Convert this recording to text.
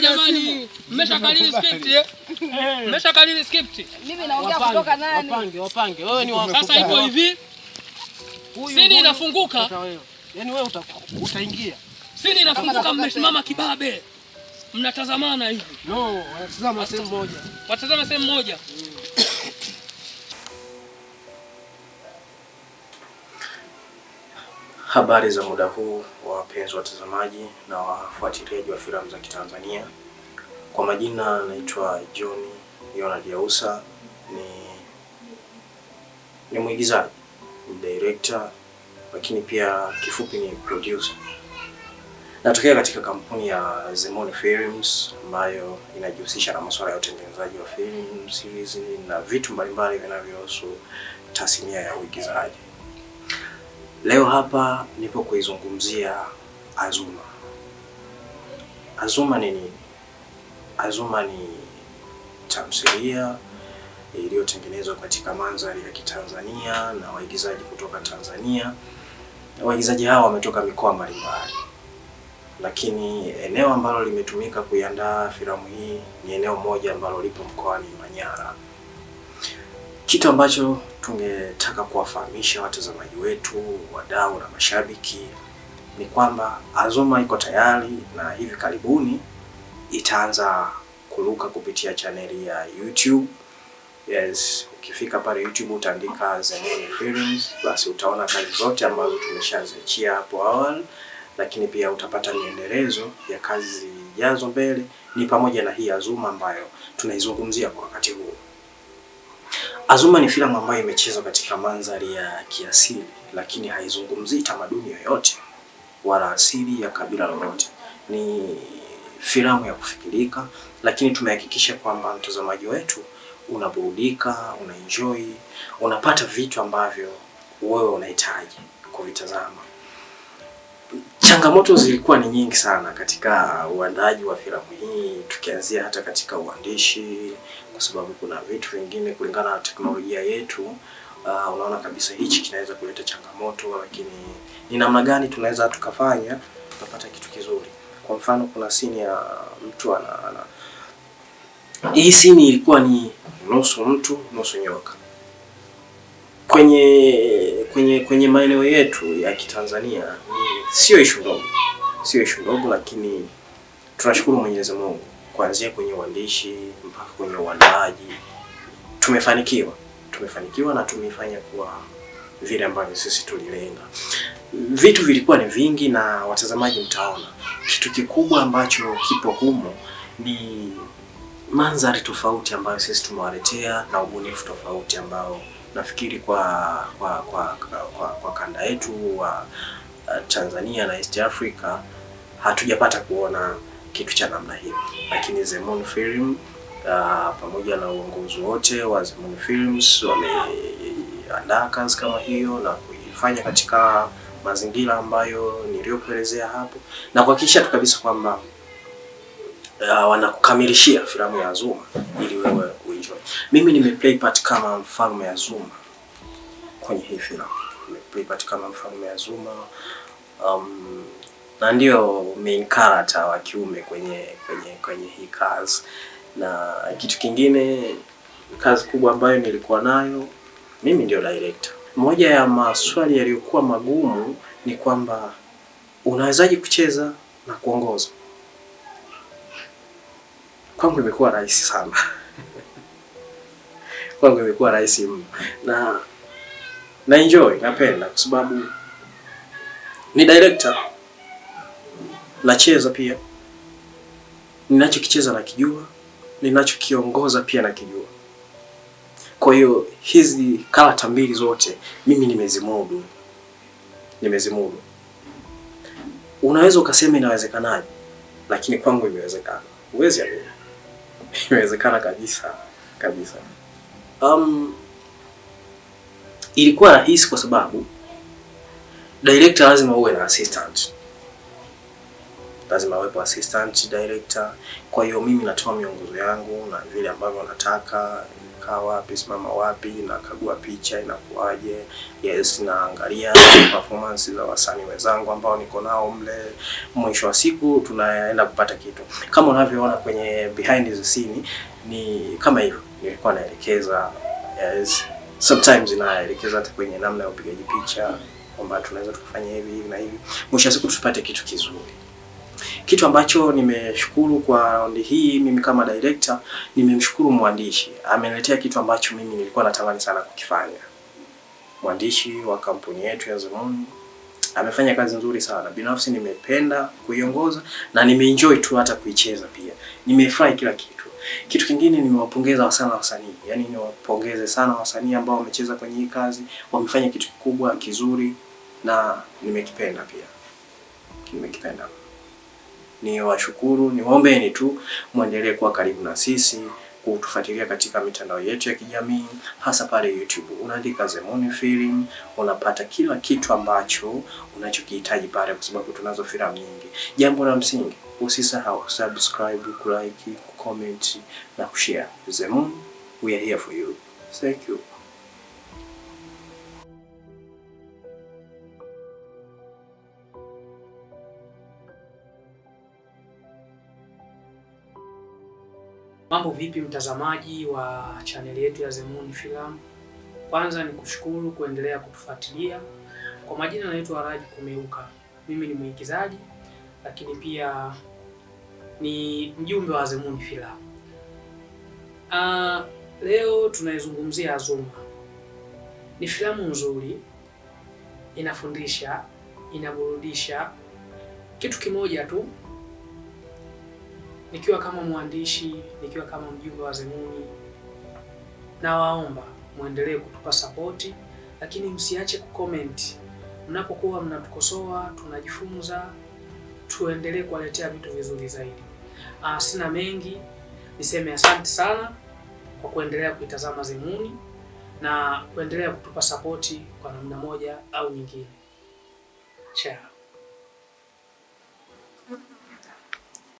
Jamani, mmesha script eh? script. Mimi naongea kutoka nani? Wapange, wapange. Wewe ni wapange. Sasa ipo hivi. Sini inafunguka. Yaani wewe utaingia. Sini inafunguka, mmesimama kibabe. Mnatazamana hivi. No, wanatazama sehemu moja. Watazama sehemu moja. Habari za muda huu wapenzi watazamaji na wafuatiliaji wa filamu za Kitanzania. Kwa majina naitwa John Leonard Yausa, ni ni mwigizaji, ni director, lakini pia kifupi ni producer. Natokea katika kampuni ya Zemoni Films ambayo inajihusisha na masuala ya utengenezaji wa film series na vitu mbalimbali vinavyohusu tasnia ya uigizaji. Leo hapa nipo kuizungumzia Azuma. Azuma ni nini? Azuma ni tamthilia iliyotengenezwa katika mandhari ya Kitanzania na waigizaji kutoka Tanzania. Waigizaji hawa wametoka mikoa mbalimbali, lakini eneo ambalo limetumika kuiandaa filamu hii ni eneo moja ambalo lipo mkoani Manyara, kitu ambacho tungetaka kuwafahamisha watazamaji wetu, wadau na mashabiki ni kwamba Azoma iko tayari na hivi karibuni itaanza kuruka kupitia chaneli ya YouTube. Yes, ukifika pale YouTube utaandika Zenoni Films, basi utaona kazi zote ambazo tumeshaziachia hapo awali, lakini pia utapata miendelezo ya kazi zijazo mbele, ni pamoja na hii azuma ambayo tunaizungumzia kwa wakati huu. Azuma ni filamu ambayo imechezwa katika mandhari ya kiasili, lakini haizungumzii tamaduni yoyote wala asili ya kabila lolote. Ni filamu ya kufikirika, lakini tumehakikisha kwamba mtazamaji wetu unaburudika, unaenjoy, unapata vitu ambavyo wewe unahitaji kuvitazama. Changamoto zilikuwa ni nyingi sana katika uandaji wa filamu hii, tukianzia hata katika uandishi, kwa sababu kuna vitu vingine kulingana na teknolojia yetu. Uh, unaona kabisa hichi kinaweza kuleta changamoto, lakini ni namna gani tunaweza tukafanya tukapata kitu kizuri. Kwa mfano, kuna sini ya mtu ana, ana hii sini ilikuwa ni nusu mtu nusu nyoka kwenye kwenye kwenye maeneo yetu ya Kitanzania sio ishu ndogo, sio ishu ndogo, lakini tunashukuru Mwenyezi Mungu, kuanzia kwenye uandishi mpaka kwenye uandaaji tumefanikiwa, tumefanikiwa na tumeifanya kuwa vile ambavyo sisi tulilenga. Vitu vilikuwa ni vingi, na watazamaji mtaona kitu kikubwa ambacho kipo humo ni mandhari tofauti ambayo sisi tumewaletea na ubunifu tofauti ambao nafikiri kwa kwa kwa, kwa, kwa, kwa kanda yetu wa Uh, Tanzania na East Africa hatujapata kuona kitu cha namna hiyo, lakini Zemon Film uh, pamoja na uongozi wote wa Zemon Films wameandaa kazi kama hiyo na kuifanya katika mazingira ambayo niliyokuelezea hapo na kuhakikisha tu kabisa kwamba uh, wanakukamilishia filamu ya zuma ili wewe uenjoy. Mimi nimeplay part kama mfalme Zuma kwenye hii filamu. Pripyat kama mfalme Azuma, um, na ndio main character wa kiume kwenye kwenye kwenye hii kazi. Na kitu kingine, kazi kubwa ambayo nilikuwa nayo mimi ndio director. Moja ya maswali yaliyokuwa magumu ni kwamba unawezaje kucheza na kuongoza? Kwangu imekuwa rahisi sana kwangu imekuwa rahisi mno na na enjoy, napenda kwa sababu ni director, nacheza pia, ninachokicheza nakijua, ninachokiongoza pia nakijua. Kwa hiyo hizi karata mbili zote mimi nimezimudu, nimezimudu. Unaweza ukasema inawezekanaje, lakini kwangu imewezekana. Uwezi amini, imewezekana kabisa kabisa. um, Ilikuwa rahisi kwa sababu director lazima uwe na assistant, lazima awepo assistant director. Kwa hiyo mimi natoa miongozo yangu na vile ambavyo nataka, kaa wapi, simama wapi, nakagua picha inakuwaje, yes, naangalia performance za wasanii wenzangu ambao niko nao mle. Mwisho wa siku tunaenda kupata kitu kama unavyoona kwenye behind the scene, ni kama hivyo nilikuwa naelekeza yes sometimes inaelekeza hata kwenye namna ya upigaji picha kwamba tunaweza tukafanya hivi hivi na hivi, mwisho siku tupate kitu kizuri, kitu ambacho nimeshukuru kwa raundi hii. Mimi kama director nimemshukuru mwandishi, ameletea kitu ambacho mimi nilikuwa natamani sana kukifanya. Mwandishi wa kampuni yetu ya Zamuni amefanya kazi nzuri sana, binafsi nimependa kuiongoza na nimeenjoy tu hata kuicheza pia, nimefurahi kila kitu. Kitu kingine nimewapongeza sana wasanii, yaani niwapongeze sana wasanii ambao wamecheza kwenye hii kazi, wamefanya kitu kikubwa kizuri na nimekipenda pia, nimekipenda. Ni washukuru, niwaombeni tu mwendelee kuwa karibu na sisi, kutufuatilia katika mitandao yetu ya kijamii, hasa pale YouTube. Unaandika Zemuni Film, unapata kila kitu ambacho unachokihitaji pale, kwa sababu tunazo filamu nyingi. Jambo la msingi, usisahau subscribe, kulike comment na kushare. Zemun, we are here for you. Thank you. Mambo vipi, mtazamaji wa chaneli yetu ya Zemun Film? Kwanza ni kushukuru kuendelea kutufuatilia. Kwa majina naitwa Raji Kumeuka, mimi ni mwigizaji lakini pia ni mjumbe wa Azimuni Filamu. Uh, ah, leo tunaizungumzia Azuma. Ni filamu nzuri, inafundisha, inaburudisha. Kitu kimoja tu, nikiwa kama mwandishi, nikiwa kama mjumbe wa Azimuni, nawaomba muendelee kutupa sapoti, lakini msiache kucomment. Mnapokuwa mnatukosoa, tunajifunza, tuendelee kuwaletea vitu vizuri zaidi. Uh, sina mengi niseme asante sana kwa kuendelea kuitazama Zimuni na kuendelea kutupa sapoti kwa namna moja au nyingine. Ciao.